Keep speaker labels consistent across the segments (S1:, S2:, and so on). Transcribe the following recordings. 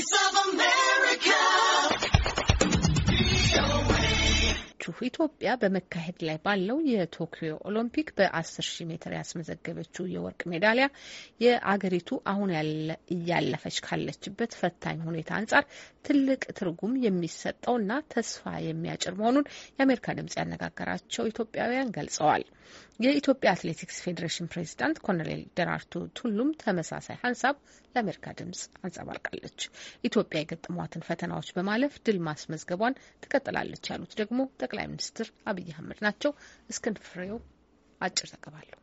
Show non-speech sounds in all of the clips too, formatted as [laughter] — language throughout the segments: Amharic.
S1: voice of
S2: ኢትዮጵያ በመካሄድ ላይ ባለው የቶኪዮ ኦሎምፒክ በ10 ሺህ ሜትር ያስመዘገበችው የወርቅ ሜዳሊያ የአገሪቱ አሁን እያለፈች ካለችበት ፈታኝ ሁኔታ አንጻር ትልቅ ትርጉም የሚሰጠውና ተስፋ የሚያጭር መሆኑን የአሜሪካ ድምጽ ያነጋገራቸው ኢትዮጵያውያን ገልጸዋል። የኢትዮጵያ አትሌቲክስ ፌዴሬሽን ፕሬዚዳንት ኮሎኔል ደራርቱ ቱሉም ተመሳሳይ ሀንሳብ ለአሜሪካ ድምጽ አንጸባርቃለች። ኢትዮጵያ የገጠሟትን ፈተናዎች በማለፍ ድል ማስመዝገቧን ትቀጥላለች ያሉት ደግሞ ጠቅላይ ጠቅላይ ሚኒስትር አብይ አህመድ ናቸው። እስክንድር ፍሬው አጭር ዘገባ አለው።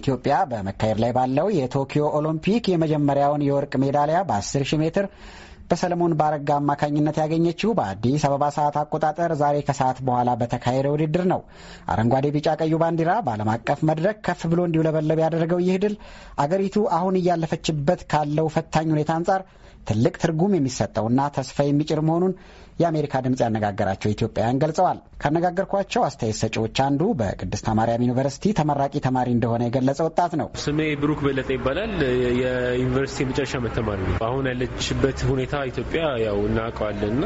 S3: ኢትዮጵያ በመካሄድ ላይ ባለው የቶኪዮ ኦሎምፒክ የመጀመሪያውን የወርቅ ሜዳሊያ በ10 ሺህ ሜትር በሰለሞን ባረጋ አማካኝነት ያገኘችው በአዲስ አበባ ሰዓት አቆጣጠር ዛሬ ከሰዓት በኋላ በተካሄደ ውድድር ነው። አረንጓዴ፣ ቢጫ፣ ቀዩ ባንዲራ በዓለም አቀፍ መድረክ ከፍ ብሎ እንዲውለበለብ ያደረገው ይህ ድል አገሪቱ አሁን እያለፈችበት ካለው ፈታኝ ሁኔታ አንጻር ትልቅ ትርጉም የሚሰጠውና ተስፋ የሚጭር መሆኑን የአሜሪካ ድምፅ ያነጋገራቸው ኢትዮጵያውያን ገልጸዋል። ካነጋገርኳቸው አስተያየት ሰጪዎች አንዱ በቅድስተ ማርያም ዩኒቨርሲቲ ተመራቂ ተማሪ እንደሆነ የገለጸ ወጣት ነው።
S1: ስሜ ብሩክ በለጠ ይባላል። የዩኒቨርሲቲ የመጨረሻ ዓመት ተማሪ ነው። አሁን ያለችበት ሁኔታ ኢትዮጵያ ያው እናውቀዋለን እና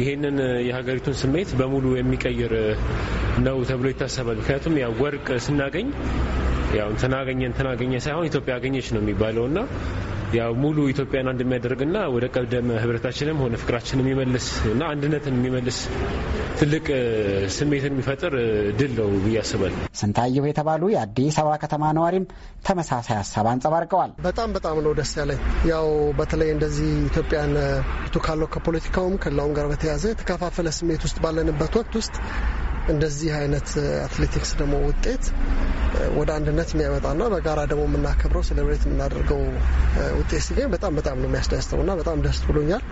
S1: ይህንን የሀገሪቱን ስሜት በሙሉ የሚቀይር ነው ተብሎ ይታሰባል። ምክንያቱም ያው ወርቅ ስናገኝ ያው እንትና አገኘ አገኘ ሳይሆን ኢትዮጵያ አገኘች ነው የሚባለው እና ያው ሙሉ ኢትዮጵያን አንድ የሚያደርግና ወደ ቀደመ ህብረታችንም ሆነ ፍቅራችንም የሚመልስ እና አንድነትን የሚመልስ ትልቅ ስሜትን የሚፈጥር ድል ነው ብዬ አስባለሁ።
S3: ስንታየሁ የተባሉ የአዲስ አበባ ከተማ ነዋሪም ተመሳሳይ ሀሳብ አንጸባርቀዋል። በጣም በጣም ነው ደስ ያለኝ። ያው በተለይ እንደዚህ ኢትዮጵያን ቱ ካለው ከፖለቲካውም ከላውም ጋር በተያያዘ የተከፋፈለ ስሜት ውስጥ ባለንበት ወቅት ውስጥ እንደዚህ አይነት አትሌቲክስ ደግሞ ውጤት ወደ አንድነት የሚያመጣና በጋራ ደግሞ የምናከብረው ሴሌብሬት የምናደርገው ውጤት ሲገኝ በጣም በጣም ነው የሚያስደስተው እና በጣም ደስ ብሎኛል።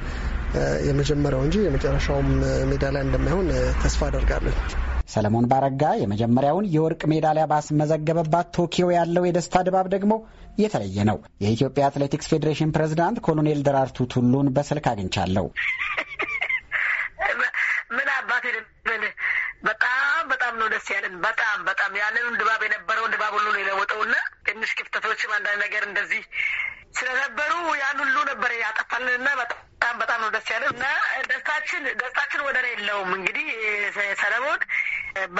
S3: የመጀመሪያው እንጂ የመጨረሻውም ሜዳሊያ እንደማይሆን ተስፋ አደርጋለሁ። ሰለሞን ባረጋ የመጀመሪያውን የወርቅ ሜዳሊያ ባስመዘገበባት ቶኪዮ ያለው የደስታ ድባብ ደግሞ የተለየ ነው። የኢትዮጵያ አትሌቲክስ ፌዴሬሽን ፕሬዝዳንት ኮሎኔል ደራርቱ ቱሉን በስልክ አግኝቻለሁ።
S1: ደስ ያለን በጣም በጣም ያለንን ድባብ የነበረውን ድባብ ሁሉ ነው የለወጠው የለወጠውና ትንሽ ክፍተቶችም አንዳንድ ነገር እንደዚህ ስለነበሩ ያን ሁሉ ነበር ያጠፋልን ያጠፋልንና በጣም በጣም ነው ደስ ያለን እና ደስታችን ደስታችን ወደር የለውም። እንግዲህ ሰለሞን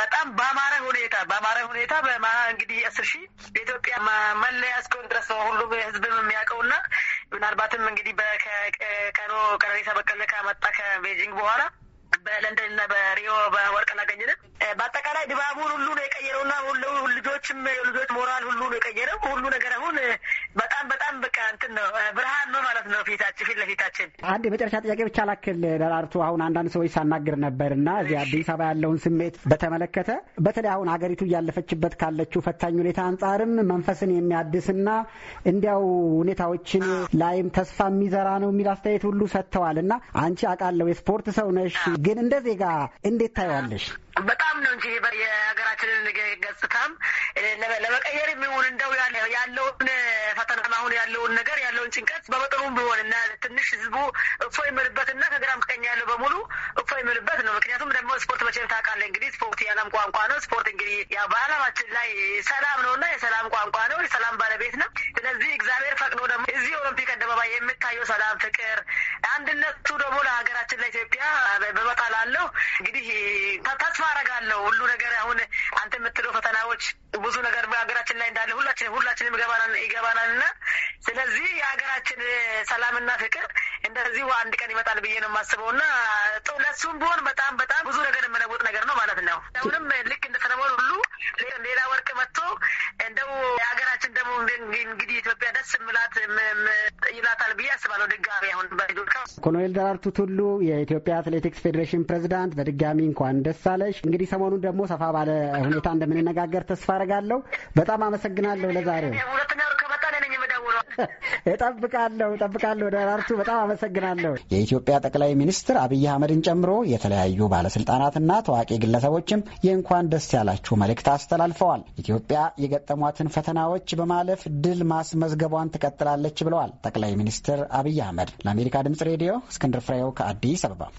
S1: በጣም በአማረ ሁኔታ በአማረ ሁኔታ በማ እንግዲህ አስር ሺህ በኢትዮጵያ መለያ እስኪሆን ድረስ ነው ሁሉም ህዝብም የሚያውቀው የሚያውቀውና ምናልባትም እንግዲህ ከኖ ቀነኒሳ በቀለ ከመጣ ከቤጂንግ በኋላ በለንደን እና በሪዮ በወርቅ ላገኝነት በአጠቃላይ ድባቡን ሁሉ ነው የቀየረውና ሁሉ ልጆችም ልጆች ሞራል ሁሉ ነው የቀየረው። ሁሉ ነገር አሁን በጣም በጣም በቃ እንትን ነው ብርሃን ነው ማለት ነው ፊታችን ፊት
S3: ለፊታችን። አንድ የመጨረሻ ጥያቄ ብቻ ላክል ለራርቱ አሁን አንዳንድ ሰዎች ሳናግር ነበር እና እዚህ አዲስ አበባ ያለውን ስሜት በተመለከተ በተለይ አሁን ሀገሪቱ እያለፈችበት ካለችው ፈታኝ ሁኔታ አንጻርም መንፈስን የሚያድስና እንዲያው ሁኔታዎችን ላይም ተስፋ የሚዘራ ነው የሚል አስተያየት ሁሉ ሰጥተዋል እና አንቺ አውቃለሁ የስፖርት ሰው ነሽ፣ ግን እንደ ዜጋ እንዴት ታየዋለሽ?
S1: በጣም ነው እንጂ የሀገራችንን ገጽታም ለመቀየር የሚሆን እንደው ያለውን ፈተና አሁን ያለውን ነገር ያለውን ጭንቀት በመጠኑም ቢሆን እና ትንሽ ህዝቡ እፎ የምልበት እና ከግራም ቀኝ ያለው በሙሉ እፎ የምልበት ነው። ምክንያቱም ደግሞ ስፖርት መቼም ታውቃለህ እንግዲህ ስፖርት የዓለም ቋንቋ ነው። ስፖርት እንግዲህ ያው በዓለማችን ላይ ሰላም ነው እና የሰላም ቋንቋ ነው፣ የሰላም ባለቤት ነው። ስለዚህ እግዚአብሔር ፈቅዶ ደግሞ እዚህ ኦሎምፒክ አደባባይ የምታየው ሰላም፣ ፍቅር፣ አንድነቱ ደግሞ ለሀገር ይገባናል እና ስለዚህ የሀገራችን ሰላምና ፍቅር እንደዚሁ አንድ ቀን ይመጣል ብዬ ነው የማስበው እና ለሱም ቢሆን በጣም በጣም ብዙ ነገር የመለወጥ የተባለው ድጋሚ አሁን ባይዶካ
S3: ኮሎኔል ደራርቱ ቱሉ የኢትዮጵያ አትሌቲክስ ፌዴሬሽን ፕሬዚዳንት፣ በድጋሚ እንኳን ደስ አለሽ። እንግዲህ ሰሞኑን ደግሞ ሰፋ ባለ ሁኔታ እንደምንነጋገር ተስፋ አረጋለሁ። በጣም አመሰግናለሁ ለዛሬው [laughs] እጠብቃለሁ እጠብቃለሁ። ደራርቱ በጣም አመሰግናለሁ። የኢትዮጵያ ጠቅላይ ሚኒስትር አብይ አህመድን ጨምሮ የተለያዩ ባለስልጣናትና ታዋቂ ግለሰቦችም የእንኳን ደስ ያላችሁ መልእክት አስተላልፈዋል። ኢትዮጵያ የገጠሟትን ፈተናዎች በማለፍ ድል ማስመዝገቧን ትቀጥላለች ብለዋል ጠቅላይ ሚኒስትር አብይ አህመድ። ለአሜሪካ ድምጽ ሬዲዮ እስክንድር ፍሬው ከአዲስ አበባ